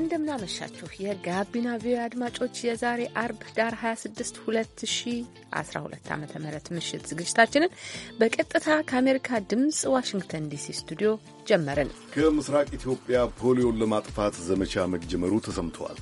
እንደምናመሻችሁ የጋቢና ቪዮ አድማጮች የዛሬ አርብ ዳር 26 2012 ዓ ም ምሽት ዝግጅታችንን በቀጥታ ከአሜሪካ ድምፅ ዋሽንግተን ዲሲ ስቱዲዮ ጀመርን። ከምስራቅ ኢትዮጵያ ፖሊዮን ለማጥፋት ዘመቻ መጀመሩ ተሰምተዋል።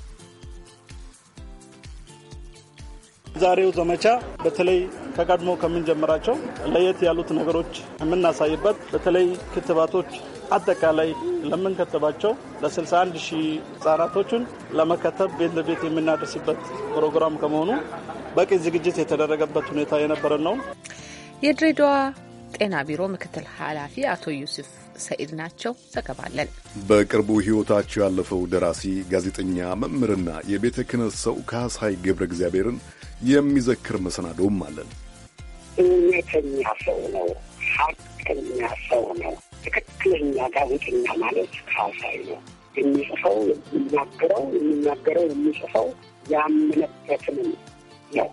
ዛሬው ዘመቻ በተለይ ከቀድሞ ከምንጀምራቸው ለየት ያሉት ነገሮች የምናሳይበት በተለይ ክትባቶች አጠቃላይ ለምንከተባቸው ለ61 ሺህ ህጻናቶችን ለመከተብ ቤት ለቤት የምናደርስበት ፕሮግራም ከመሆኑ በቂ ዝግጅት የተደረገበት ሁኔታ የነበረ ነው። የድሬዳዋ ጤና ቢሮ ምክትል ኃላፊ አቶ ዩሱፍ ሰኢድ ናቸው። ዘገባለን በቅርቡ ህይወታቸው ያለፈው ደራሲ ጋዜጠኛ፣ መምህርና የቤተ ክህነት ሰው ካህሳይ ገብረ እግዚአብሔርን የሚዘክር መሰናዶም አለን። እውነተኛ ሰው ነው። ሀቀኛ ሰው ነው። ትክክለኛ ጋዜጠኛ ማለት ካሳይ ነው። የሚጽፈው የሚናገረው የሚናገረው የሚጽፈው ያምነበትንም ነው።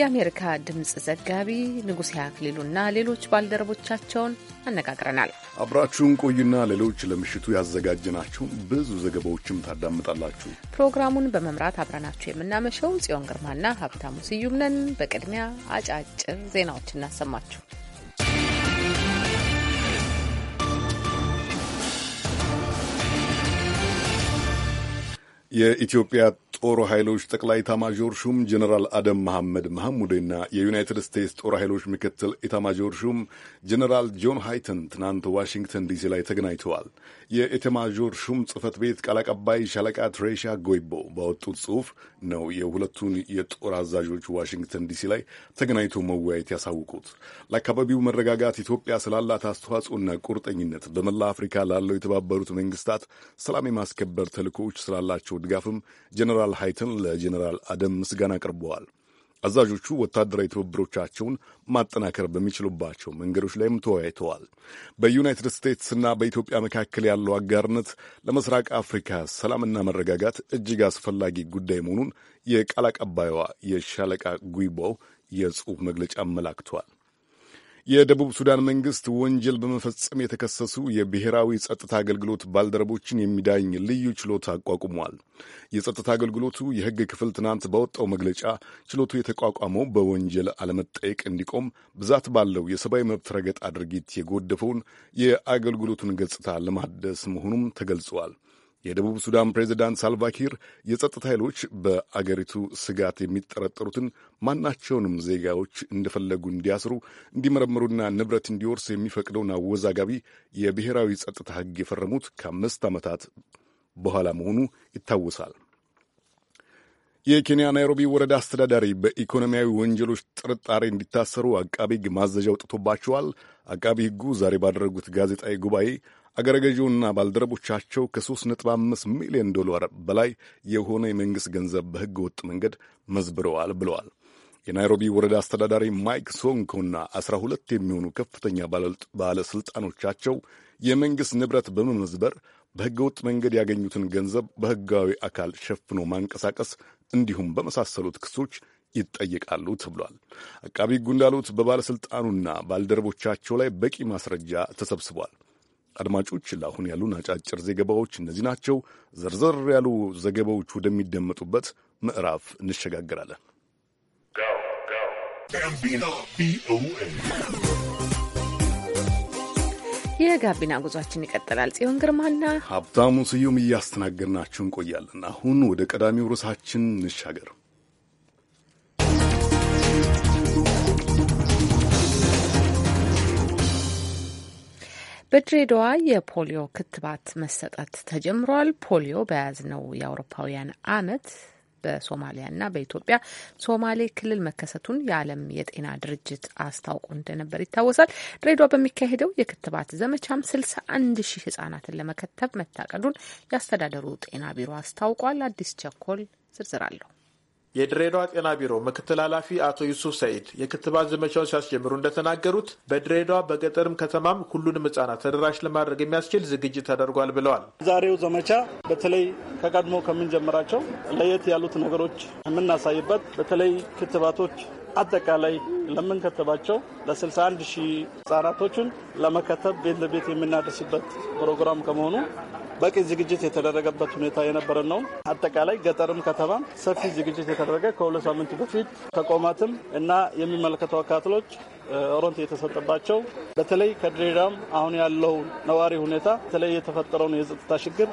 የአሜሪካ ድምፅ ዘጋቢ ንጉሴ አክሊሉና ሌሎች ባልደረቦቻቸውን አነጋግረናል። አብራችሁን ቆዩና ሌሎች ለምሽቱ ያዘጋጀናቸውን ብዙ ዘገባዎችም ታዳምጣላችሁ። ፕሮግራሙን በመምራት አብረናችሁ የምናመሸው ጽዮን ግርማና ሀብታሙ ስዩም ነን። በቅድሚያ አጫጭር ዜናዎች እናሰማችሁ። የኢትዮጵያ ጦር ኃይሎች ጠቅላይ ኢታማዦር ሹም ጀነራል አደም መሐመድ መሐሙዴና የዩናይትድ ስቴትስ ጦር ኃይሎች ምክትል ኢታማዦር ሹም ጀነራል ጆን ሃይተን ትናንት ዋሽንግተን ዲሲ ላይ ተገናኝተዋል። የኢታማዦር ሹም ጽህፈት ቤት ቃል አቀባይ ሻለቃ ትሬሻ ጎይቦ ባወጡት ጽሑፍ ነው የሁለቱን የጦር አዛዦች ዋሽንግተን ዲሲ ላይ ተገናኝቶ መወያየት ያሳውቁት። ለአካባቢው መረጋጋት ኢትዮጵያ ስላላት አስተዋጽኦና ቁርጠኝነት፣ በመላ አፍሪካ ላለው የተባበሩት መንግስታት ሰላም የማስከበር ተልእኮዎች ስላላቸው ድጋፍም ጀኔራል ሀይትን ለጀኔራል አደም ምስጋና አቅርበዋል። አዛዦቹ ወታደራዊ ትብብሮቻቸውን ማጠናከር በሚችሉባቸው መንገዶች ላይም ተወያይተዋል። በዩናይትድ ስቴትስና በኢትዮጵያ መካከል ያለው አጋርነት ለምስራቅ አፍሪካ ሰላምና መረጋጋት እጅግ አስፈላጊ ጉዳይ መሆኑን የቃል አቀባይዋ የሻለቃ ጉይቦ የጽሑፍ መግለጫ አመላክቷል። የደቡብ ሱዳን መንግስት ወንጀል በመፈጸም የተከሰሱ የብሔራዊ ጸጥታ አገልግሎት ባልደረቦችን የሚዳኝ ልዩ ችሎት አቋቁሟል። የጸጥታ አገልግሎቱ የህግ ክፍል ትናንት ባወጣው መግለጫ ችሎቱ የተቋቋመው በወንጀል አለመጠየቅ እንዲቆም ብዛት ባለው የሰብአዊ መብት ረገጣ ድርጊት የጎደፈውን የአገልግሎቱን ገጽታ ለማደስ መሆኑም ተገልጿል። የደቡብ ሱዳን ፕሬዚዳንት ሳልቫኪር የጸጥታ ኃይሎች በአገሪቱ ስጋት የሚጠረጠሩትን ማናቸውንም ዜጋዎች እንደፈለጉ እንዲያስሩ፣ እንዲመረምሩና ንብረት እንዲወርስ የሚፈቅደውን አወዛጋቢ የብሔራዊ ጸጥታ ሕግ የፈረሙት ከአምስት ዓመታት በኋላ መሆኑ ይታወሳል። የኬንያ ናይሮቢ ወረዳ አስተዳዳሪ በኢኮኖሚያዊ ወንጀሎች ጥርጣሬ እንዲታሰሩ አቃቢ ሕግ ማዘዣ አውጥቶባቸዋል። አቃቢ ሕጉ ዛሬ ባደረጉት ጋዜጣዊ ጉባኤ አገረ ገዢውና ባልደረቦቻቸው ከ3.5 ሚሊዮን ዶላር በላይ የሆነ የመንግሥት ገንዘብ በሕገ ወጥ መንገድ መዝብረዋል ብለዋል። የናይሮቢ ወረዳ አስተዳዳሪ ማይክ ሶንኮና 12 የሚሆኑ ከፍተኛ ባለሥልጣኖቻቸው የመንግሥት ንብረት በመመዝበር በሕገ ወጥ መንገድ ያገኙትን ገንዘብ በሕጋዊ አካል ሸፍኖ ማንቀሳቀስ እንዲሁም በመሳሰሉት ክሶች ይጠየቃሉ ተብሏል። አቃቢ ሕጉ እንዳሉት በባለሥልጣኑና ባልደረቦቻቸው ላይ በቂ ማስረጃ ተሰብስቧል። አድማጮች ለአሁን ያሉን አጫጭር ዘገባዎች እነዚህ ናቸው። ዘርዘር ያሉ ዘገባዎች ወደሚደመጡበት ምዕራፍ እንሸጋግራለን። የጋቢና ጉዟችን ይቀጥላል። ጽዮን ግርማና ሀብታሙ ስዩም እያስተናገድናችሁ እንቆያለን። አሁን ወደ ቀዳሚው ርዕሳችን እንሻገር። በድሬዳዋ የፖሊዮ ክትባት መሰጠት ተጀምሯል። ፖሊዮ በያዝነው የአውሮፓውያን አመት በሶማሊያና በኢትዮጵያ ሶማሌ ክልል መከሰቱን የዓለም የጤና ድርጅት አስታውቆ እንደነበር ይታወሳል። ድሬዳዋ በሚካሄደው የክትባት ዘመቻም ስልሳ አንድ ሺህ ህጻናትን ለመከተብ መታቀዱን የአስተዳደሩ ጤና ቢሮ አስታውቋል። አዲስ ቸኮል ዝርዝር አለሁ የድሬዳዋ ጤና ቢሮ ምክትል ኃላፊ አቶ ዩሱፍ ሰኢድ የክትባት ዘመቻውን ሲያስጀምሩ እንደተናገሩት በድሬዳዋ በገጠርም ከተማም ሁሉንም ህጻናት ተደራሽ ለማድረግ የሚያስችል ዝግጅት ተደርጓል ብለዋል። ዛሬው ዘመቻ በተለይ ከቀድሞ ከምንጀምራቸው ለየት ያሉት ነገሮች የምናሳይበት በተለይ ክትባቶች አጠቃላይ ለምንከተባቸው ለ61 ሺህ ህጻናቶችን ለመከተብ ቤት ለቤት የምናደርስበት ፕሮግራም ከመሆኑ በቂ ዝግጅት የተደረገበት ሁኔታ የነበረ ነው። አጠቃላይ ገጠርም ከተማም ሰፊ ዝግጅት የተደረገ ከሁለት ሳምንት በፊት ተቋማትም እና የሚመለከተው አካትሎች ሮንት የተሰጠባቸው በተለይ ከድሬዳዋም አሁን ያለው ነዋሪ ሁኔታ በተለይ የተፈጠረውን የጸጥታ ችግር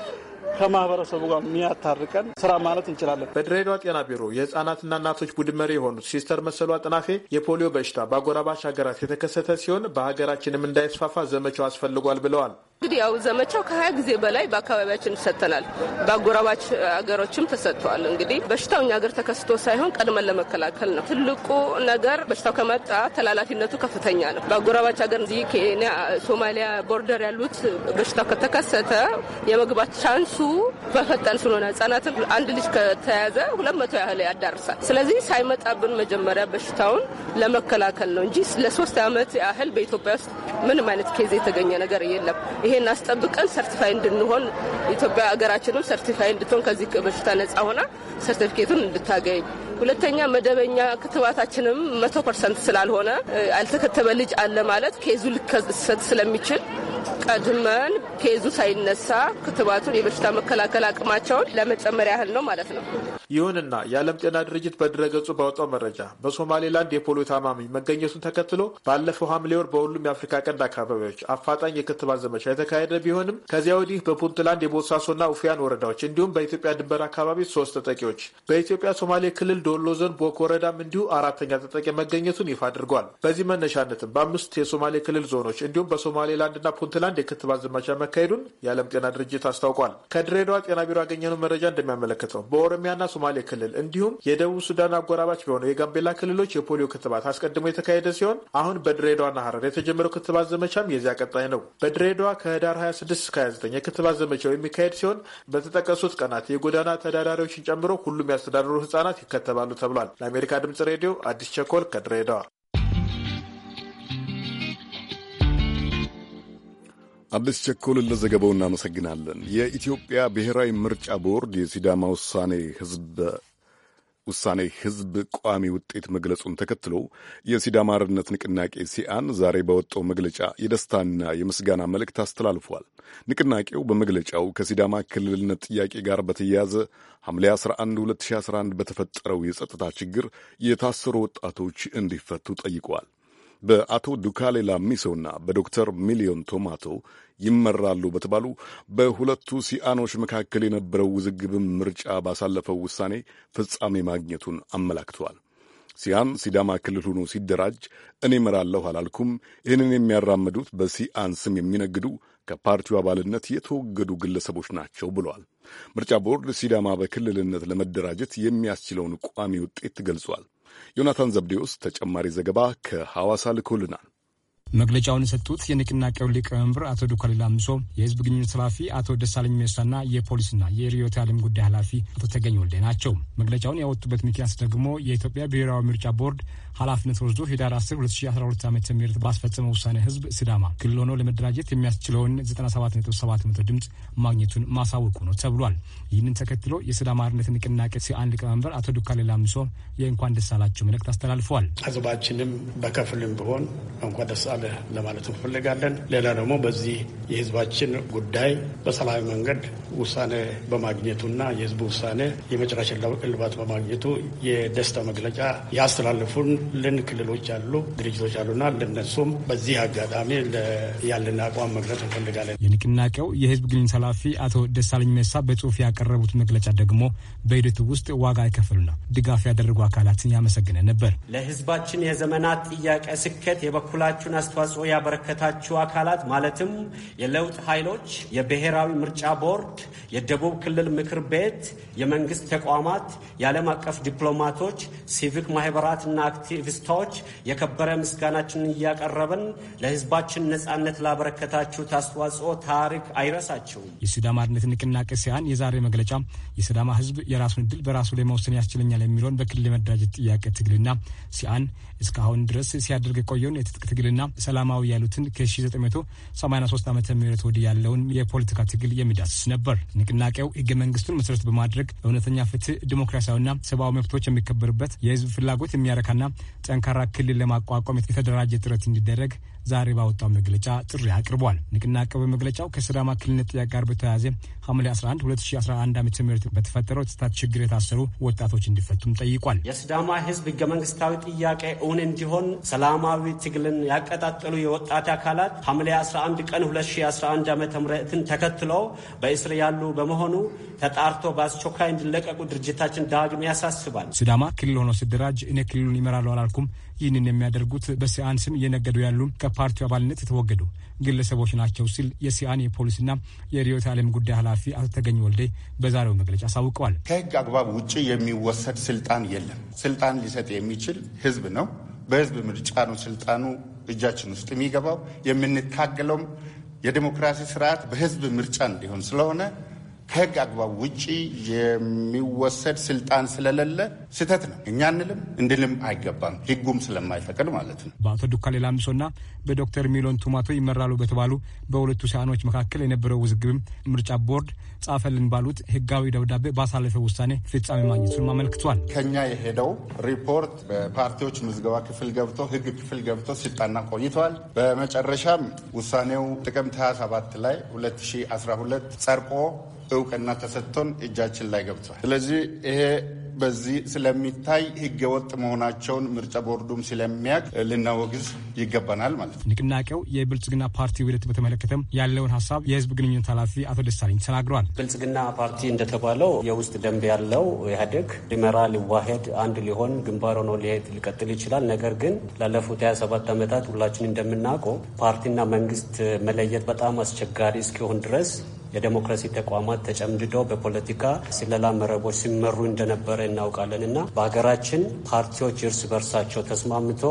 ከማህበረሰቡ ጋር የሚያታርቀን ስራ ማለት እንችላለን። በድሬዳዋ ጤና ቢሮ የህጻናትና እናቶች ቡድን መሪ የሆኑት ሲስተር መሰሉ አጥናፌ የፖሊዮ በሽታ በአጎራባች ሀገራት የተከሰተ ሲሆን በሀገራችንም እንዳይስፋፋ ዘመቻው አስፈልጓል ብለዋል። እንግዲህ ያው ዘመቻው ከሀያ ጊዜ በላይ በአካባቢያችን ሰጥተናል። በአጎራባች አገሮችም ተሰጥተዋል። እንግዲህ በሽታው እኛ ሀገር ተከስቶ ሳይሆን ቀድመን ለመከላከል ነው ትልቁ ነገር። በሽታው ከመጣ ተላላፊነቱ ከፍተኛ ነው። በአጎራባች ሀገር እዚህ ኬንያ፣ ሶማሊያ ቦርደር ያሉት በሽታው ከተከሰተ የመግባት ቻንሱ በፈጠን ስለሆነ ህጻናትን አንድ ልጅ ከተያዘ ሁለት መቶ ያህል ያዳርሳል። ስለዚህ ሳይመጣብን መጀመሪያ በሽታውን ለመከላከል ነው እንጂ ለሶስት አመት ያህል በኢትዮጵያ ውስጥ ምንም አይነት ኬዝ የተገኘ ነገር የለም። ይሄን አስጠብቀን ሰርቲፋይ እንድንሆን ኢትዮጵያ ሀገራችንም ሰርቲፋይ እንድትሆን ከዚህ በሽታ ነጻ ሆና ሰርቲፊኬቱን እንድታገኝ ሁለተኛ መደበኛ ክትባታችንም መቶ ፐርሰንት ስላልሆነ ያልተከተበ ልጅ አለ ማለት ኬዙ ልከሰት ስለሚችል ቀድመን ኬዙ ሳይነሳ ክትባቱን የበሽታ መከላከል አቅማቸውን ለመጨመር ያህል ነው ማለት ነው። ይሁንና የዓለም ጤና ድርጅት በድረገጹ ባወጣው መረጃ በሶማሌላንድ የፖሊዮ ታማሚ መገኘቱን ተከትሎ ባለፈው ሐምሌ ወር በሁሉም የአፍሪካ ቀንድ አካባቢዎች አፋጣኝ የክትባት ዘመቻ የተካሄደ ቢሆንም ከዚያ ወዲህ በፑንትላንድ የቦሳሶና ኡፊያን ወረዳዎች እንዲሁም በኢትዮጵያ ድንበር አካባቢ ሶስት ተጠቂዎች በኢትዮጵያ ሶማሌ ክልል የወሎ ዞን ቦኮ ወረዳም እንዲሁ አራተኛ ተጠቂ መገኘቱን ይፋ አድርጓል። በዚህ መነሻነትም በአምስት የሶማሌ ክልል ዞኖች እንዲሁም በሶማሌላንድና ፑንትላንድ የክትባት ዘመቻ መካሄዱን የዓለም ጤና ድርጅት አስታውቋል። ከድሬዳዋ ጤና ቢሮ ያገኘነው መረጃ እንደሚያመለክተው በኦሮሚያና ሶማሌ ክልል እንዲሁም የደቡብ ሱዳን አጎራባች በሆነው የጋምቤላ ክልሎች የፖሊዮ ክትባት አስቀድሞ የተካሄደ ሲሆን አሁን በድሬዳዋና ሀረር የተጀመረው ክትባት ዘመቻም የዚያ ቀጣይ ነው። በድሬዳዋ ከህዳር 26 እስከ 29 የክትባት ዘመቻው የሚካሄድ ሲሆን በተጠቀሱት ቀናት የጎዳና ተዳዳሪዎችን ጨምሮ ሁሉም ያስተዳደሩ ህጻናት ይከተባል። ይገባሉ ተብሏል። ለአሜሪካ ድምጽ ሬዲዮ አዲስ ቸኮል ከድሬዳዋ። አዲስ ቸኮል ለዘገባው እናመሰግናለን። የኢትዮጵያ ብሔራዊ ምርጫ ቦርድ የሲዳማ ውሳኔ ህዝብ ውሳኔ ህዝብ ቋሚ ውጤት መግለጹን ተከትሎ የሲዳማ አርነት ንቅናቄ ሲአን ዛሬ በወጣው መግለጫ የደስታና የምስጋና መልእክት አስተላልፏል። ንቅናቄው በመግለጫው ከሲዳማ ክልልነት ጥያቄ ጋር በተያያዘ ሐምሌ 11 2011 በተፈጠረው የጸጥታ ችግር የታሰሩ ወጣቶች እንዲፈቱ ጠይቋል። በአቶ ዱካሌ ላሚሶና በዶክተር ሚሊዮን ቶማቶ ይመራሉ በተባሉ በሁለቱ ሲአኖች መካከል የነበረው ውዝግብም ምርጫ ባሳለፈው ውሳኔ ፍጻሜ ማግኘቱን አመላክተዋል። ሲአን ሲዳማ ክልል ሆኖ ሲደራጅ እኔ እመራለሁ አላልኩም። ይህንን የሚያራምዱት በሲአን ስም የሚነግዱ ከፓርቲው አባልነት የተወገዱ ግለሰቦች ናቸው ብሏል። ምርጫ ቦርድ ሲዳማ በክልልነት ለመደራጀት የሚያስችለውን ቋሚ ውጤት ገልጿል። ዮናታን ዘብዴዎስ ተጨማሪ ዘገባ ከሐዋሳ ልኮልናል። መግለጫውን የሰጡት የንቅናቄው ሊቀመንበር አቶ ዱካሌ ላምሶ፣ የህዝብ ግንኙነት ኃላፊ አቶ ደሳለኝ ሜሳና የፖሊስና የሪዮት ዓለም ጉዳይ ኃላፊ አቶ ተገኝ ወልዴ ናቸው። መግለጫውን ያወጡበት ምክንያት ደግሞ የኢትዮጵያ ብሔራዊ ምርጫ ቦርድ ኃላፊነት ወስዶ ህዳር 10 2012 ዓ ም ባስፈጸመው ውሳኔ ህዝብ ሲዳማ ክልል ሆኖ ለመደራጀት የሚያስችለውን 97.7 ድምፅ ማግኘቱን ማሳወቁ ነው ተብሏል። ይህንን ተከትሎ የሲዳማ አርነት ንቅናቄ ሲአን ሊቀመንበር አቶ ዱካሌ ላምሶ የእንኳን ደሳላቸው መልእክት አስተላልፈዋል። ህዝባችንም በከፍልም ቢሆን እንኳን ደስ አለ ለማለት እንፈልጋለን። ሌላ ደግሞ በዚህ የህዝባችን ጉዳይ በሰላማዊ መንገድ ውሳኔ በማግኘቱና የህዝቡ ውሳኔ የመጨረሻ እልባት በማግኘቱ የደስታ መግለጫ ልን ክልሎች አሉ፣ ድርጅቶች አሉና ለነሱም በዚህ አጋጣሚ ያለን አቋም መግለጽ እንፈልጋለን። የንቅናቄው የህዝብ ግንኙነት ኃላፊ አቶ ደሳለኝ መሳ በጽሁፍ ያቀረቡት መግለጫ ደግሞ በሂደቱ ውስጥ ዋጋ አይከፍሉና ድጋፍ ያደረጉ አካላትን ያመሰግነ ነበር። ለህዝባችን የዘመናት ጥያቄ ስኬት የበኩላችሁን አስተዋጽኦ ያበረከታችሁ አካላት ማለትም የለውጥ ኃይሎች፣ የብሔራዊ ምርጫ ቦርድ፣ የደቡብ ክልል ምክር ቤት፣ የመንግስት ተቋማት፣ የዓለም አቀፍ ዲፕሎማቶች፣ ሲቪክ ማህበራትና አክቲቪስቶች የከበረ ምስጋናችንን እያቀረብን ለህዝባችን ነጻነት ላበረከታችሁት አስተዋጽኦ ታሪክ አይረሳችሁም። የሲዳማ አንድነት ንቅናቄ ሲያን የዛሬ መግለጫ የሲዳማ ህዝብ የራሱን እድል በራሱ ላይ መወሰን ያስችለኛል የሚለውን በክልል የመደራጀት ጥያቄ ትግልና ሲያን እስካሁን ድረስ ሲያደርግ የቆየውን የትጥቅ ትግልና ሰላማዊ ያሉትን ከ1983 ዓ ም ወዲህ ያለውን የፖለቲካ ትግል የሚዳስስ ነበር። ንቅናቄው ህገ መንግስቱን መሰረት በማድረግ እውነተኛ ፍትህ፣ ዲሞክራሲያዊና ሰብአዊ መብቶች የሚከበርበት የህዝብ ፍላጎት የሚያረካና ጠንካራ ክልል ለማቋቋም የተደራጀ ጥረት እንዲደረግ ዛሬ ባወጣው መግለጫ ጥሪ አቅርቧል። ንቅናቄው በመግለጫው ከሲዳማ ክልልነት ጥያቄ ጋር በተያያዘ ሐምሌ 11 2011 ዓ ም በተፈጠረው የጸጥታ ችግር የታሰሩ ወጣቶች እንዲፈቱም ጠይቋል። የስዳማ ህዝብ ህገ መንግስታዊ ጥያቄ እውን እንዲሆን ሰላማዊ ትግልን ያቀጣጠሉ የወጣት አካላት ሐምሌ 11 ቀን 2011 ዓ ምትን ተከትሎ በእስር ያሉ በመሆኑ ተጣርቶ በአስቸኳይ እንዲለቀቁ ድርጅታችን ዳግም ያሳስባል። ስዳማ ክልል ሆኖ ስደራጅ እኔ ክልሉን ይመራለሁ አላልኩም ይህንን የሚያደርጉት በሲአን ስም እየነገዱ ያሉ ከፓርቲው አባልነት የተወገዱ ግለሰቦች ናቸው ሲል የሲአን የፖሊስና የርዕዮተ ዓለም ጉዳይ ኃላፊ አቶ ተገኝ ወልዴ በዛሬው መግለጫ አሳውቀዋል። ከህግ አግባብ ውጭ የሚወሰድ ስልጣን የለም። ስልጣን ሊሰጥ የሚችል ህዝብ ነው። በህዝብ ምርጫ ነው ስልጣኑ እጃችን ውስጥ የሚገባው። የምንታገለውም የዲሞክራሲ ስርዓት በህዝብ ምርጫ እንዲሆን ስለሆነ ከህግ አግባብ ውጪ የሚወሰድ ስልጣን ስለሌለ ስህተት ነው። እኛ እንልም እንድልም አይገባም፣ ህጉም ስለማይፈቅድ ማለት ነው። በአቶ ዱካሌ ላምሶና በዶክተር ሚሎን ቱማቶ ይመራሉ በተባሉ በሁለቱ ሳህኖች መካከል የነበረው ውዝግብም ምርጫ ቦርድ ጻፈልን ባሉት ህጋዊ ደብዳቤ ባሳለፈው ውሳኔ ፍጻሜ ማግኘቱን አመልክቷል። ከኛ የሄደው ሪፖርት በፓርቲዎች ምዝገባ ክፍል ገብቶ ህግ ክፍል ገብቶ ሲጠና ቆይተዋል። በመጨረሻም ውሳኔው ጥቅምት 27 ላይ 2012 ጸድቆ እውቅና ተሰጥቶን እጃችን ላይ ገብቷል። ስለዚህ ይሄ በዚህ ስለሚታይ ህገወጥ መሆናቸውን ምርጫ ቦርዱም ስለሚያቅ ልናወግዝ ይገባናል ማለት ነው። ንቅናቄው የብልጽግና ፓርቲ ውህደት በተመለከተም ያለውን ሀሳብ የህዝብ ግንኙነት ኃላፊ አቶ ደሳለኝ ተናግረዋል። ብልጽግና ፓርቲ እንደተባለው የውስጥ ደንብ ያለው ኢህአዴግ ሊመራ ሊዋሄድ አንድ ሊሆን ግንባር ሆኖ ሊሄድ ሊቀጥል ይችላል። ነገር ግን ላለፉት 27 ዓመታት ሁላችን እንደምናውቀው ፓርቲና መንግስት መለየት በጣም አስቸጋሪ እስኪሆን ድረስ የዴሞክራሲ ተቋማት ተጨምድደው በፖለቲካ ስለላ መረቦች ሲመሩ እንደነበረ እናውቃለን እና በሀገራችን ፓርቲዎች እርስ በርሳቸው ተስማምቶ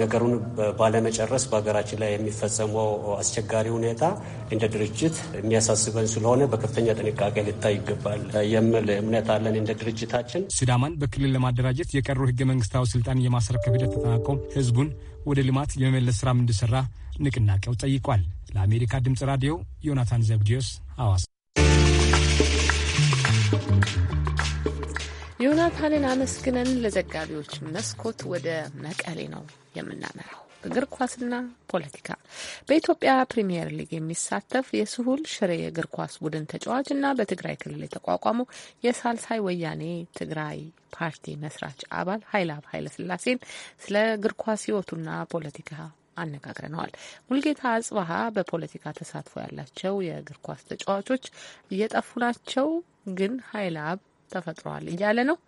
ነገሩን ባለመጨረስ በሀገራችን ላይ የሚፈጸመው አስቸጋሪ ሁኔታ እንደ ድርጅት የሚያሳስበን ስለሆነ በከፍተኛ ጥንቃቄ ልታይ ይገባል የሚል እምነት አለን። እንደ ድርጅታችን ሲዳማን በክልል ለማደራጀት የቀረው ህገ መንግስታዊ ስልጣን የማስረከብ ሂደት ተጠናቆ ህዝቡን ወደ ልማት የመመለስ ስራም እንዲሰራ ንቅናቄው ጠይቋል። ለአሜሪካ ድምፅ ራዲዮ ዮናታን ዘብዲዮስ ሐዋሳ። ዮናታንን አመስግነን ለዘጋቢዎች መስኮት ወደ መቀሌ ነው የምናመራው። እግር ኳስና ፖለቲካ በኢትዮጵያ ፕሪምየር ሊግ የሚሳተፍ የስሁል ሽሬ የእግር ኳስ ቡድን ተጫዋች እና በትግራይ ክልል የተቋቋመው የሳልሳይ ወያኔ ትግራይ ፓርቲ መስራች አባል ኃይላብ ኃይለስላሴን ስለ እግር ኳስ ህይወቱና ፖለቲካ አነጋግረነዋል። ሙልጌታ አጽባሀ በፖለቲካ ተሳትፎ ያላቸው የእግር ኳስ ተጫዋቾች እየጠፉ ናቸው፣ ግን ሀይል አብ ተፈጥረዋል እያለ ነው።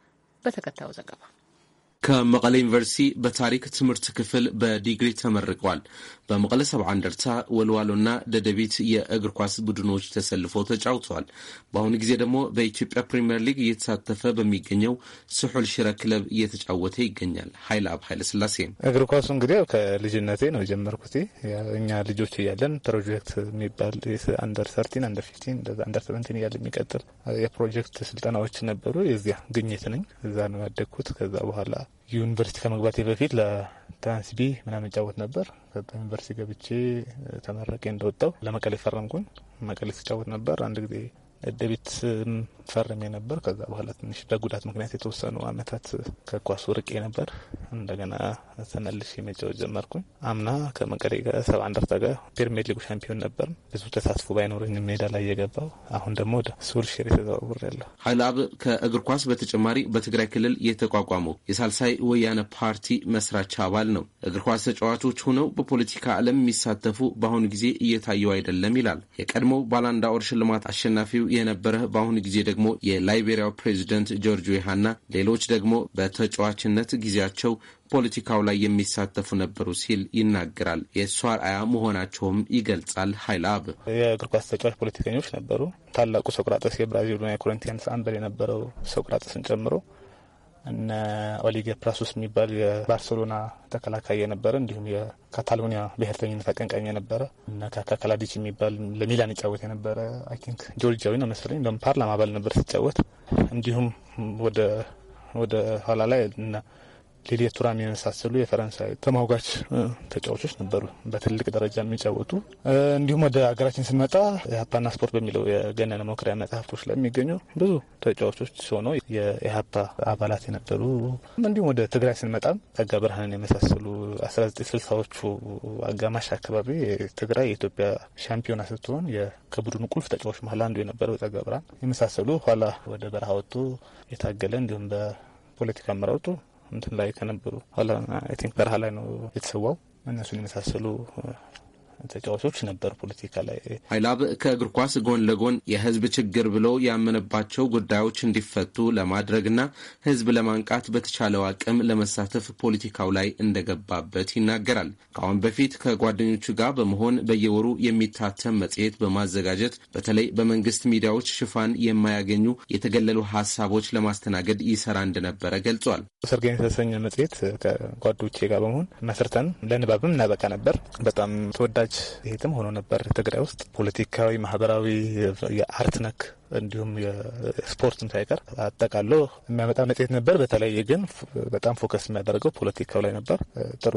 በተከታዩ ዘገባ ከመቀለ ዩኒቨርሲቲ በታሪክ ትምህርት ክፍል በዲግሪ ተመርቀዋል። በመቀለ ሰባ እንደርታ፣ ወልዋሎና ደደቢት የእግር ኳስ ቡድኖች ተሰልፎ ተጫውተዋል። በአሁኑ ጊዜ ደግሞ በኢትዮጵያ ፕሪምየር ሊግ እየተሳተፈ በሚገኘው ስሑል ሽረ ክለብ እየተጫወተ ይገኛል። ሀይል አብ ሀይለ ስላሴ እግር ኳሱ እንግዲህ ከልጅነቴ ነው የጀመርኩት። እኛ ልጆች እያለን ፕሮጀክት የሚባል አንደር ሰርቲን፣ አንደር ፊፍቲን፣ አንደር ሰቨንቲን እያለ የሚቀጥል የፕሮጀክት ስልጠናዎች ነበሩ። የዚያ ግኝት ነኝ። እዛ ነው ያደግኩት። ከዛ በኋላ ዩኒቨርሲቲ ከመግባቴ በፊት ለትራንስቢ ምናምን እጫወት ነበር። ዩኒቨርሲቲ ገብቼ ተመረቄ እንደወጣው ለመቀሌ ፈረምኩኝ። መቀሌ ስጫወት ነበር አንድ ጊዜ እድቤት ፈርሜ ነበር። ከዛ በኋላ ትንሽ በጉዳት ምክንያት የተወሰኑ አመታት ከኳሱ ርቄ ነበር። እንደገና ተመልሼ መጫወት ጀመርኩኝ። አምና ከመቀሌ ጋር ሰባ እንደርታ ጋር ፕሪሚየር ሊጉ ሻምፒዮን ነበር። ብዙ ተሳትፎ ባይኖረኝ ሜዳ ላይ የገባው አሁን ደግሞ ወደ ሱልሽር የተዘዋውር ያለሁ ሀይልአብ ከእግር ኳስ በተጨማሪ በትግራይ ክልል የተቋቋመው የሳልሳይ ወያነ ፓርቲ መስራች አባል ነው። እግር ኳስ ተጫዋቾች ሆነው በፖለቲካ ዓለም የሚሳተፉ በአሁኑ ጊዜ እየታየው አይደለም ይላል የቀድሞው ባላንዳ ኦር ሽልማት አሸናፊው የነበረ በአሁኑ ጊዜ ደግሞ የላይቤሪያው ፕሬዚደንት ጆርጅ ዌሃና ሌሎች ደግሞ በተጫዋችነት ጊዜያቸው ፖለቲካው ላይ የሚሳተፉ ነበሩ ሲል ይናገራል። የእሱ አርአያ መሆናቸውም ይገልጻል። ሀይል አብ የእግር ኳስ ተጫዋች ፖለቲከኞች ነበሩ። ታላቁ ሶቅራጠስ የብራዚሉና የኮረንቲያንስ አንበል የነበረው ሶቅራጠስን ጨምሮ እነ ኦሊጌ ፕራሶስ የሚባል የባርሴሎና ተከላካይ የነበረ እንዲሁም የካታሎኒያ ብሔርተኝነት አቀንቃኝ የነበረ እነ ካካ ካላዲች የሚባል ለሚላን ይጫወት የነበረ አይ ቲንክ ጆርጂያዊ ነው መሰለኝ። እንደውም ፓርላማ አባል ነበር ሲጫወት። እንዲሁም ወደ ወደ ኋላ ላይ ሌሌ ቱራን የመሳሰሉ የፈረንሳይ ተሟጋች ተጫዋቾች ነበሩ በትልቅ ደረጃ የሚጫወቱ። እንዲሁም ወደ ሀገራችን ስንመጣ የሀፓና ስፖርት በሚለው የገነነ መኩሪያ መጽሐፍቶች ላይ የሚገኙ ብዙ ተጫዋቾች ሆነው የኢህአፓ አባላት የነበሩ እንዲሁም ወደ ትግራይ ስንመጣም ጸጋ ብርሃንን የመሳሰሉ 1960ዎቹ አጋማሽ አካባቢ ትግራይ የኢትዮጵያ ሻምፒዮና ስትሆን ከቡድኑ ቁልፍ ተጫዋች መሀል አንዱ የነበረው ጸጋ ብርሃን የመሳሰሉ ኋላ ወደ በረሃ ወጥቶ የታገለ እንዲሁም በፖለቲካ አመራውጡ እንትን ላይ ከነበሩ ኋላ አይ ቲንክ በረሃ ላይ ነው የተሰዋው እነሱን የመሳሰሉ ተጫዋቾች ነበር። ፖለቲካ ላይ ሀይላብ ከእግር ኳስ ጎን ለጎን የህዝብ ችግር ብሎ ያመነባቸው ጉዳዮች እንዲፈቱ ለማድረግና ህዝብ ለማንቃት በተቻለው አቅም ለመሳተፍ ፖለቲካው ላይ እንደገባበት ይናገራል። ከአሁን በፊት ከጓደኞቹ ጋር በመሆን በየወሩ የሚታተም መጽሔት በማዘጋጀት በተለይ በመንግስት ሚዲያዎች ሽፋን የማያገኙ የተገለሉ ሀሳቦች ለማስተናገድ ይሰራ እንደነበረ ገልጿል። ሰርገኝ የተሰኘ መጽሔት ከጓዶቼ ጋር በመሆን መስርተን ለንባብም እናበቃ ነበር። በጣም ተወዳጅ ይሄ ጥም ሆኖ ነበር ትግራይ ውስጥ ፖለቲካዊ፣ ማህበራዊ፣ የአርት ነክ እንዲሁም የስፖርትን ሳይቀር አጠቃሎ የሚያመጣ መጽሄት ነበር። በተለይ ግን በጣም ፎከስ የሚያደርገው ፖለቲካው ላይ ነበር። ጥሩ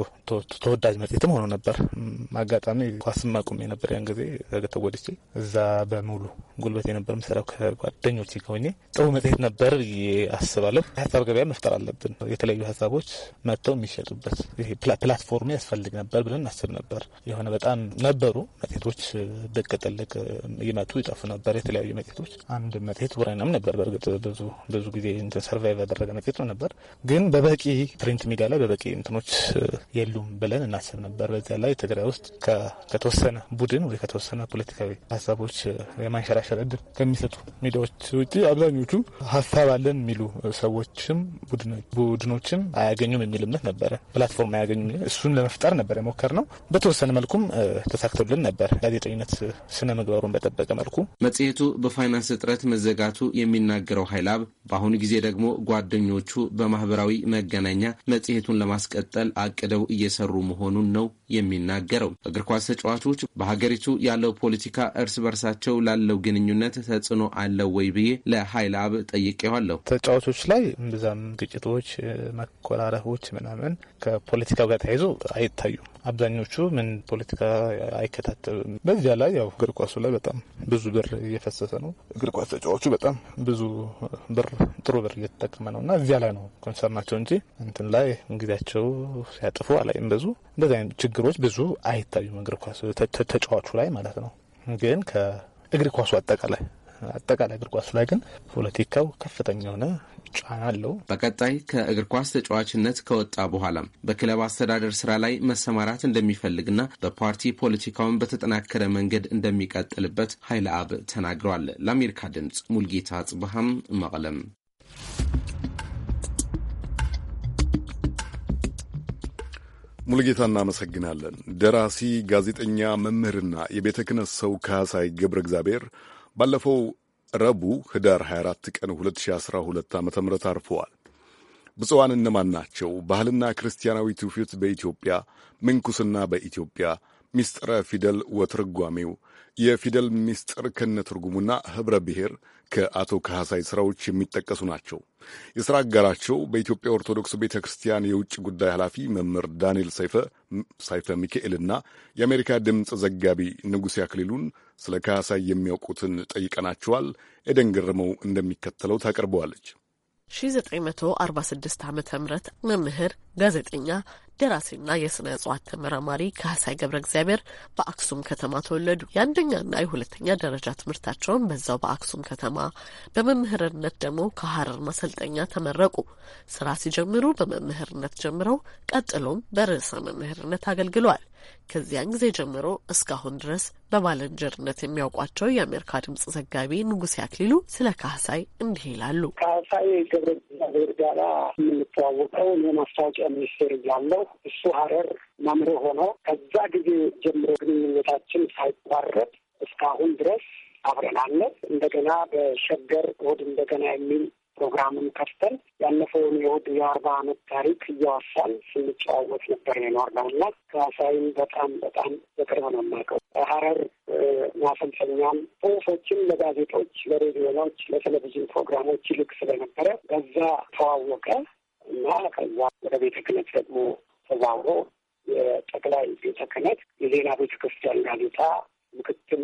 ተወዳጅ መጽሄትም ሆኖ ነበር። አጋጣሚ ኳስም አቁሜ ነበር ያን ጊዜ ተጎድቼ፣ እዛ በሙሉ ጉልበት የነበር ምሰራው ከጓደኞች ከሆኜ ጥሩ መጽሄት ነበር ብዬ አስባለሁ። የሀሳብ ገበያ መፍጠር አለብን። የተለያዩ ሀሳቦች መጥተው የሚሸጡበት ፕላትፎርም ያስፈልግ ነበር ብለን አስብ ነበር። የሆነ በጣም ነበሩ መጽሄቶች ብቅ ጥልቅ እየመጡ ይጠፉ ነበር የተለያዩ መጽሄቶች አንድ መጽሔት ወረናም ነበር። በእርግጥ ብዙ ብዙ ጊዜ ሰርቫይቭ ያደረገ መጽሔት ነው ነበር፣ ግን በበቂ ፕሪንት ሚዲያ ላይ በበቂ እንትኖች የሉም ብለን እናስብ ነበር። በዚያ ላይ ትግራይ ውስጥ ከተወሰነ ቡድን ወይ ከተወሰነ ፖለቲካዊ ሀሳቦች የማንሸራሸር እድል ከሚሰጡ ሚዲያዎች ውጭ አብዛኞቹ ሀሳብ አለን የሚሉ ሰዎችም ቡድኖችም አያገኙም የሚል እምነት ነበረ። ፕላትፎርም አያገኙም። እሱን ለመፍጠር ነበር የሞከር ነው። በተወሰነ መልኩም ተሳክቶልን ነበር። ጋዜጠኝነት ስነ ምግባሩን በጠበቀ መልኩ መጽሔቱ በፋይናንስ እጥረት መዘጋቱ የሚናገረው ኃይላብ በአሁኑ ጊዜ ደግሞ ጓደኞቹ በማህበራዊ መገናኛ መጽሔቱን ለማስቀጠል አቅደው እየሰሩ መሆኑን ነው የሚናገረው። እግር ኳስ ተጫዋቾች በሀገሪቱ ያለው ፖለቲካ እርስ በርሳቸው ላለው ግንኙነት ተጽዕኖ አለው ወይ ብዬ ለኃይላብ ጠይቄዋለሁ። ተጫዋቾች ላይ ብዛም ግጭቶች፣ መኮራረፎች ምናምን ከፖለቲካው ጋር ተያይዞ አይታዩም። አብዛኞቹ ምን ፖለቲካ አይከታተሉም። በዚያ ላይ ያው እግር ኳሱ ላይ በጣም ብዙ ብር እየፈሰሰ ነው። እግር ኳስ ተጫዋቹ በጣም ብዙ ብር ጥሩ ብር እየተጠቀመ ነው እና እዚያ ላይ ነው ኮንሰርናቸው እንጂ እንትን ላይ እንግዲያቸው ሲያጥፉ አላይም። ብዙ እንደዚህ አይነት ችግሮች ብዙ አይታዩም እግር ኳስ ተጫዋቹ ላይ ማለት ነው። ግን ከእግር ኳሱ አጠቃላይ አጠቃላይ እግር ኳሱ ላይ ግን ፖለቲካው ከፍተኛ የሆነ ጫና አለው። በቀጣይ ከእግር ኳስ ተጫዋችነት ከወጣ በኋላ በክለብ አስተዳደር ስራ ላይ መሰማራት እንደሚፈልግና በፓርቲ ፖለቲካውን በተጠናከረ መንገድ እንደሚቀጥልበት ኃይለ አብ ተናግረዋል። ለአሜሪካ ድምፅ ሙልጌታ ጽብሃም መቀለም። ሙልጌታ እናመሰግናለን። ደራሲ ጋዜጠኛ፣ መምህርና የቤተ ክህነት ሰው ካሳይ ገብረ እግዚአብሔር ባለፈው ረቡዕ ህዳር 24 ቀን 2012 ዓ ም አርፈዋል። ብፁዓን እነማን ናቸው? ባህልና ክርስቲያናዊ ትውፊት በኢትዮጵያ ምንኩስና፣ በኢትዮጵያ ሚስጥረ ፊደል ወትርጓሜው የፊደል ምስጢር ከነ ትርጉሙና ኅብረ ብሔር ከአቶ ካህሳይ ሥራዎች የሚጠቀሱ ናቸው። የሥራ አጋራቸው በኢትዮጵያ ኦርቶዶክስ ቤተ ክርስቲያን የውጭ ጉዳይ ኃላፊ መምህር ዳንኤል ሰይፈ ሚካኤልና የአሜሪካ ድምፅ ዘጋቢ ንጉሴ አክሊሉን ስለ ካህሳይ የሚያውቁትን ጠይቀናቸዋል። ኤደን ገረመው እንደሚከተለው ታቀርበዋለች። 1946 ዓ ም መምህር፣ ጋዜጠኛ፣ ደራሲና የስነ እጽዋት ተመራማሪ ካህሳይ ገብረ እግዚአብሔር በአክሱም ከተማ ተወለዱ። የአንደኛና የሁለተኛ ደረጃ ትምህርታቸውን በዛው በአክሱም ከተማ፣ በመምህርነት ደግሞ ከሀረር ማሰልጠኛ ተመረቁ። ስራ ሲጀምሩ በመምህርነት ጀምረው ቀጥሎም በርዕሰ መምህርነት አገልግለዋል። ከዚያን ጊዜ ጀምሮ እስካሁን ድረስ በባለንጀርነት የሚያውቋቸው የአሜሪካ ድምጽ ዘጋቢ ንጉሴ አክሊሉ ስለ ካህሳይ እንዲህ ይላሉ። ካህሳይ ገብረ እግዚአብሔር ጋራ የምንተዋወቀው የማስታወቂያ ሚኒስቴር እያለሁ እሱ ሀረር መምህር ሆኖ ከዛ ጊዜ ጀምሮ ግንኙነታችን ሳይቋረጥ እስካሁን ድረስ አብረናለት እንደገና በሸገር እሑድ እንደገና የሚል ፕሮግራምን ከፍተን ያለፈውን የውድ የአርባ አመት ታሪክ እያወሳን ስንጨዋወት ነበር የኖርነው እና ከሳይን በጣም በጣም በቅርብ ነው የማውቀው። ሀረር ማሰልጠኛም ጽሁፎችም ለጋዜጦች፣ ለሬዲዮኖች፣ ለቴሌቪዥን ፕሮግራሞች ይልክ ስለነበረ በዛ ተዋወቀ እና ከዛ ወደ ቤተ ክህነት ደግሞ ተዛውሮ የጠቅላይ ቤተ ክህነት የዜና ቤተ ክርስቲያን ጋዜጣ ምክትል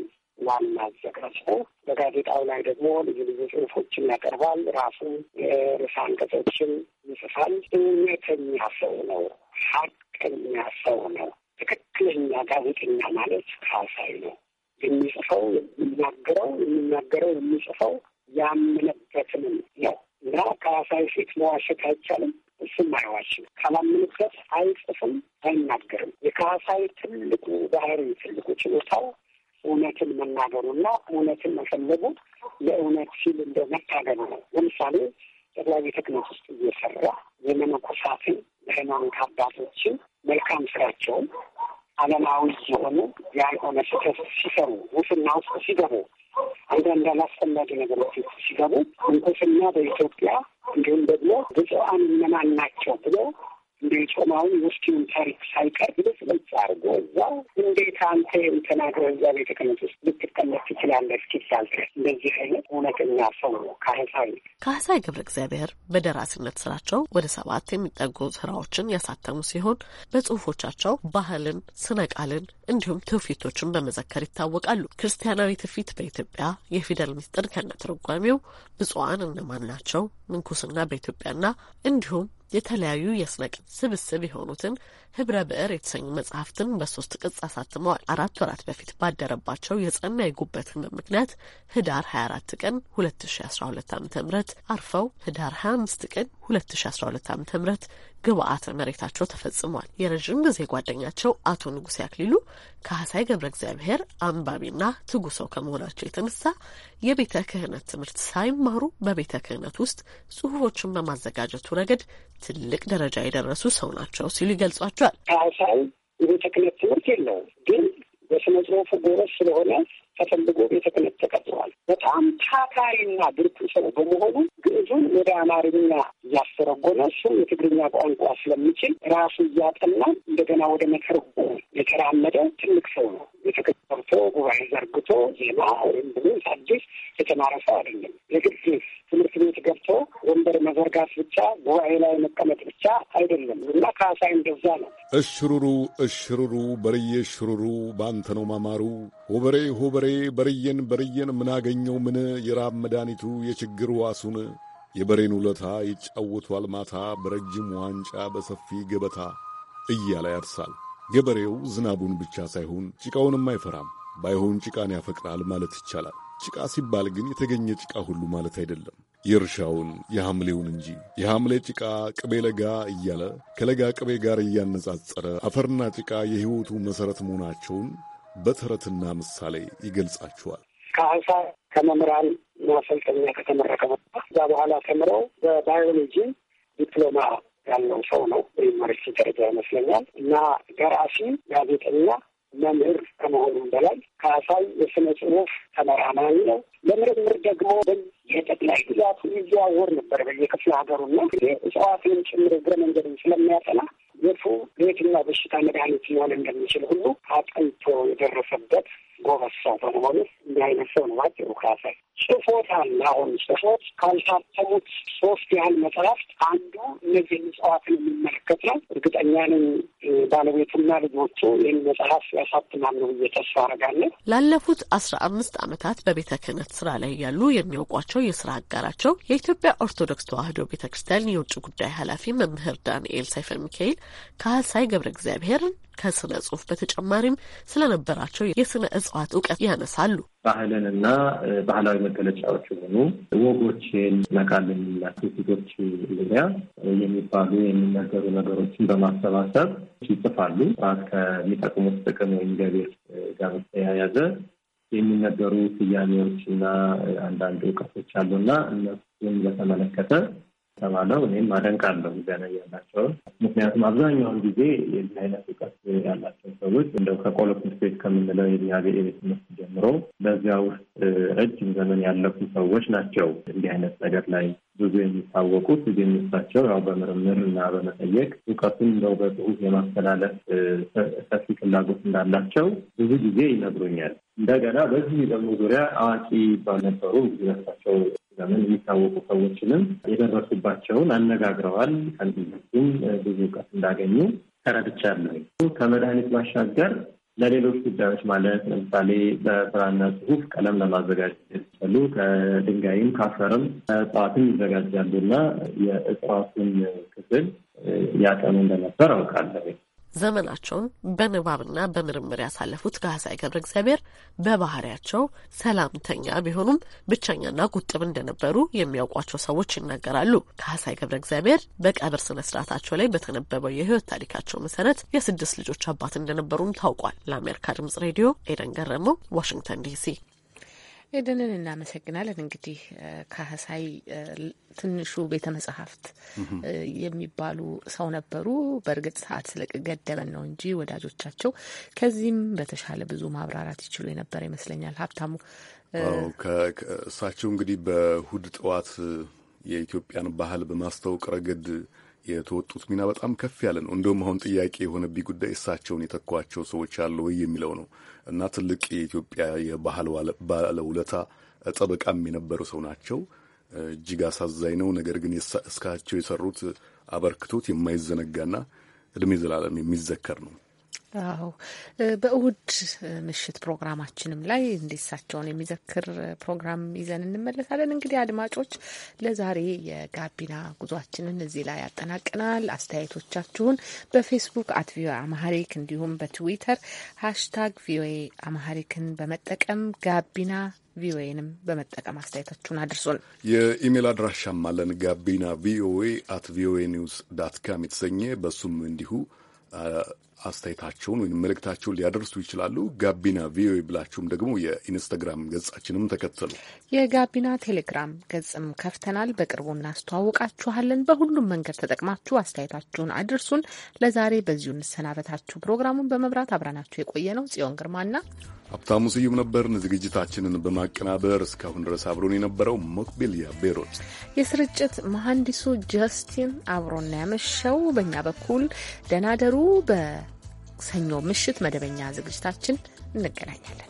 ዋና አዘጋጅ ነው። በጋዜጣው ላይ ደግሞ ልዩ ልዩ ጽሁፎችን ያቀርባል። ራሱ የርዕሰ አንቀጾችን ይጽፋል። እውነተኛ ሰው ነው። ሀቀኛ ሰው ነው። ትክክለኛ ጋዜጠኛ ማለት ካሳይ ነው። የሚጽፈው የሚናገረው የሚናገረው የሚጽፈው ያምንበትንም ነው እና ካሳይ ፊት መዋሸት አይቻልም። እሱም አይዋሽም። ካላምንበት አይጽፍም፣ አይናገርም። የካሳይ ትልቁ ባህሪ ትልቁ ችሎታው እውነትን መናገሩ መናገሩና እውነትን መፈለጉ ለእውነት ሲል እንደ መታገሉ ነው። ለምሳሌ ጠቅላይ ቤተ ክህነት ውስጥ እየሰራ የመነኮሳትን የሃይማኖት አባቶችን መልካም ስራቸውን ዓለማዊ የሆኑ ያልሆነ ስህተት ሲሰሩ ሙስና ውስጥ ሲገቡ አንዳንድ አላስፈላጊ ነገሮች ውስጥ ሲገቡ ምንኩስና በኢትዮጵያ እንዲሁም ደግሞ ብፁዓን እነማን ናቸው ብሎ እንዴ ጮማውን የውስኪውን ታሪክ ሳይቀር ድረስ ግልጽ አድርጎ እዛ እንዴት አንተ የምተናገረ እዛ ቤተ ክህነት ውስጥ ልትቀመጥ ትችላለህ? እስኪሳል እንደዚህ አይነት እውነተኛ ሰው ነው ካህሳይ ካህሳይ ገብረ እግዚአብሔር በደራሲነት ስራቸው ወደ ሰባት የሚጠጉ ስራዎችን ያሳተሙ ሲሆን በጽሁፎቻቸው ባህልን፣ ስነ ቃልን እንዲሁም ትውፊቶችን በመዘከር ይታወቃሉ። ክርስቲያናዊ ትውፊት በኢትዮጵያ የፊደል ምስጢር ከነ ትርጓሜው ብፁዓን እነማን ናቸው ምንኩስና በኢትዮጵያና እንዲሁም የተለያዩ የስነቅ ስብስብ የሆኑትን ህብረ ብዕር የተሰኙ መጽሐፍትን በሶስት ቅጽ አሳትመዋል። አራት ወራት በፊት ባደረባቸው የጸና የጉበት ህመም ምክንያት ህዳር 24 ቀን 2012 ዓ ም አርፈው ህዳር 25 ቀን 2012 ዓ ም ግብአተ መሬታቸው ተፈጽሟል። የረዥም ጊዜ ጓደኛቸው አቶ ንጉሴ አክሊሉ ከሀሳይ ገብረ እግዚአብሔር አንባቢና ትጉ ሰው ከመሆናቸው የተነሳ የቤተ ክህነት ትምህርት ሳይማሩ በቤተ ክህነት ውስጥ ጽሁፎችን በማዘጋጀቱ ረገድ ትልቅ ደረጃ የደረሱ ሰው ናቸው ሲሉ ይገልጿቸዋል። ከሀሳይ የቤተ ክህነት ትምህርት የለውም፣ ግን በስነ ጽሁፉ ጎረስ ስለሆነ ተፈልጎ ቤተክህነት ተቀጥሯል። በጣም ታታሪና ብርቱ ሰው በመሆኑ ግዕዙን ወደ አማርኛ እያስተረጎመ እሱ የትግርኛ ቋንቋ ስለሚችል ራሱ እያጠና እንደገና ወደ መተርጎም የተራመደ ትልቅ ሰው ነው። የተከሰርቶ ጉባኤ ዘርግቶ ዜማ ወይም ብሉስ አዲስ የተማረ ሰው አይደለም። የግድ ትምህርት ቤት ገብቶ ወንበር መዘርጋት ብቻ ጉባኤ ላይ መቀመጥ ብቻ አይደለም እና ካሳይ እንደዛ ነው። እሽሩሩ እሽሩሩ በርዬ እሽሩሩ ባንተ ነው ማማሩ ሆበሬ ሆበሬ በሬ በርየን በርየን ምናገኘው ምን የራብ መድኃኒቱ የችግር ዋሱን የበሬን ውለታ ይጫወቷል ማታ በረጅም ዋንጫ በሰፊ ገበታ እያለ ያርሳል። ገበሬው ዝናቡን ብቻ ሳይሆን ጭቃውንም አይፈራም። ባይሆን ጭቃን ያፈቅራል ማለት ይቻላል። ጭቃ ሲባል ግን የተገኘ ጭቃ ሁሉ ማለት አይደለም። የእርሻውን የሐምሌውን እንጂ የሐምሌ ጭቃ ቅቤ ለጋ እያለ ከለጋ ቅቤ ጋር እያነጻጸረ አፈርና ጭቃ የሕይወቱ መሠረት መሆናቸውን በተረትና ምሳሌ ይገልጻቸዋል። ከአንሳ ከመምህራን ማሰልጠኛ ከተመረቀ እዛ በኋላ ተምረው በባዮሎጂ ዲፕሎማ ያለው ሰው ነው። ዩኒቨርሲቲ ደረጃ ይመስለኛል እና ገራሲ ጋዜጠኛ መምህር ከመሆኑም በላይ ካሳይ የስነ ጽሁፍ ተመራማሪ ነው። ለምርምር ደግሞ የጠቅላይ ግዛቱ ይዘዋወር ነበር በየክፍለ ሀገሩና እጽዋትን ጭምር እግረ መንገድን ስለሚያጠና ዘርፉ ቤትና በሽታ መድኃኒት ሊሆን እንደሚችል ሁሉ አጠንቶ የደረሰበት ጎበሳ በመሆኑ እንዲህ አይነት ሰው ነው ባጭሩ ካሳይ። ጽፎት አለ። አሁን ጽፎት ካልታተሙት ሶስት ያህል መጽሐፍት አንዱ እነዚህ ምጽዋትን የሚመለከት ነው። እርግጠኛ ነኝ ባለቤቱና ልጆቹ ይህን መጽሐፍ ያሳትማሉ ብዬ ተስፋ አረጋለን። ላለፉት አስራ አምስት ዓመታት በቤተ ክህነት ስራ ላይ ያሉ የሚያውቋቸው የስራ አጋራቸው የኢትዮጵያ ኦርቶዶክስ ተዋህዶ ቤተ ክርስቲያን የውጭ ጉዳይ ኃላፊ መምህር ዳንኤል ሰይፈ ሚካኤል ካህሳይ ገብረ እግዚአብሔርን ከስነ ጽሁፍ በተጨማሪም ስለነበራቸው የስነ እጽዋት እውቀት ያነሳሉ። ባህልን እና ባህላዊ መገለጫዎች የሆኑ ወጎችን ነቃልን ሴቶች ዙሪያ የሚባሉ የሚነገሩ ነገሮችን በማሰባሰብ ይጽፋሉ። ጥራት ከሚጠቅሙት ጥቅም ወይም ገቢር ጋር ተያያዘ የሚነገሩ ስያሜዎች እና አንዳንድ እውቀቶች አሉ እና እነሱን በተመለከተ ተባለው እኔም አደንቃለሁ እዚያ ያላቸውን። ምክንያቱም አብዛኛውን ጊዜ የዚህ አይነት እውቀት ሰዎች እንደው ከቆሎ ትምህርት ቤት ከምንለው የብሔር ብሔር ትምህርት ጀምሮ በዚያ ውስጥ ረጅም ዘመን ያለፉ ሰዎች ናቸው። እንዲህ አይነት ነገር ላይ ብዙ የሚታወቁት ብዙ ዜኞቻቸው ያው በምርምር እና በመጠየቅ እውቀቱን እንደው በጽሁፍ የማስተላለፍ ሰፊ ፍላጎት እንዳላቸው ብዙ ጊዜ ይነግሩኛል። እንደገና በዚህ ደግሞ ዙሪያ አዋቂ ባልነበሩ እንግዲህ ዘመን የሚታወቁ ሰዎችንም የደረሱባቸውን አነጋግረዋል። ከንትነቱም ብዙ እውቀት እንዳገኙ ተረድቻለሁ። ከመድኃኒት ባሻገር ለሌሎች ጉዳዮች ማለት ለምሳሌ በብራና ጽሁፍ ቀለም ለማዘጋጀት የተቻሉ ከድንጋይም ከአፈርም ከእጽዋትም ይዘጋጃሉ እና የእጽዋቱን ክፍል ያጠኑ እንደነበር አውቃለሁ። ዘመናቸውን በንባብና በምርምር ያሳለፉት ካህሳይ ገብረ እግዚአብሔር በባህሪያቸው ሰላምተኛ ቢሆኑም ብቸኛና ቁጥብ እንደነበሩ የሚያውቋቸው ሰዎች ይናገራሉ። ካህሳይ ገብረ እግዚአብሔር በቀብር ስነ ስርዓታቸው ላይ በተነበበው የህይወት ታሪካቸው መሰረት የስድስት ልጆች አባት እንደነበሩም ታውቋል። ለአሜሪካ ድምጽ ሬዲዮ ኤደን ገረመው፣ ዋሽንግተን ዲሲ ኤደንን እናመሰግናለን። እንግዲህ ካህሳይ ትንሹ ቤተ መጽሐፍት የሚባሉ ሰው ነበሩ። በእርግጥ ሰዓት ስለገደበን ነው እንጂ ወዳጆቻቸው ከዚህም በተሻለ ብዙ ማብራራት ይችሉ የነበረ ይመስለኛል። ሀብታሙ እሳቸው እንግዲህ በእሁድ ጠዋት የኢትዮጵያን ባህል በማስተዋወቅ ረገድ የተወጡት ሚና በጣም ከፍ ያለ ነው። እንደውም አሁን ጥያቄ የሆነብኝ ጉዳይ እሳቸውን የተኳቸው ሰዎች አለ ወይ የሚለው ነው። እና ትልቅ የኢትዮጵያ የባህል ባለውለታ ጠበቃም የነበሩ ሰው ናቸው። እጅግ አሳዛኝ ነው። ነገር ግን እስካቸው የሰሩት አበርክቶት የማይዘነጋና እድሜ ዘላለም የሚዘከር ነው። አዎ በእሁድ ምሽት ፕሮግራማችንም ላይ እንዴሳቸውን የሚዘክር ፕሮግራም ይዘን እንመለሳለን። እንግዲህ አድማጮች ለዛሬ የጋቢና ጉዟችንን እዚህ ላይ ያጠናቅናል። አስተያየቶቻችሁን በፌስቡክ አት ቪኦኤ አማሀሪክ እንዲሁም በትዊተር ሃሽታግ ቪኦኤ አማሀሪክን በመጠቀም ጋቢና ቪኦኤንም በመጠቀም አስተያየታችሁን አድርሱን። የኢሜል አድራሻም አለን ጋቢና ቪኦኤ አት ቪኦኤ ኒውስ ዳት ካም የተሰኘ በሱም እንዲሁ አስተያየታቸውን ወይም መልእክታቸውን ሊያደርሱ ይችላሉ። ጋቢና ቪኦኤ ብላችሁም ደግሞ የኢንስታግራም ገጻችንም ተከተሉ። የጋቢና ቴሌግራም ገጽም ከፍተናል። በቅርቡ እናስተዋውቃችኋለን። በሁሉም መንገድ ተጠቅማችሁ አስተያየታችሁን አድርሱን። ለዛሬ በዚሁ እንሰናበታችሁ። ፕሮግራሙን በመብራት አብራናችሁ የቆየ ነው ጽዮን ግርማና ሀብታሙ ስዩም ነበርን። ዝግጅታችንን በማቀናበር እስካሁን ድረስ አብሮን የነበረው ሞክቢልያ ቤሮት፣ የስርጭት መሐንዲሱ ጀስቲን አብሮና ያመሸው። በእኛ በኩል ደናደሩ በ ሰኞ ምሽት መደበኛ ዝግጅታችን እንገናኛለን።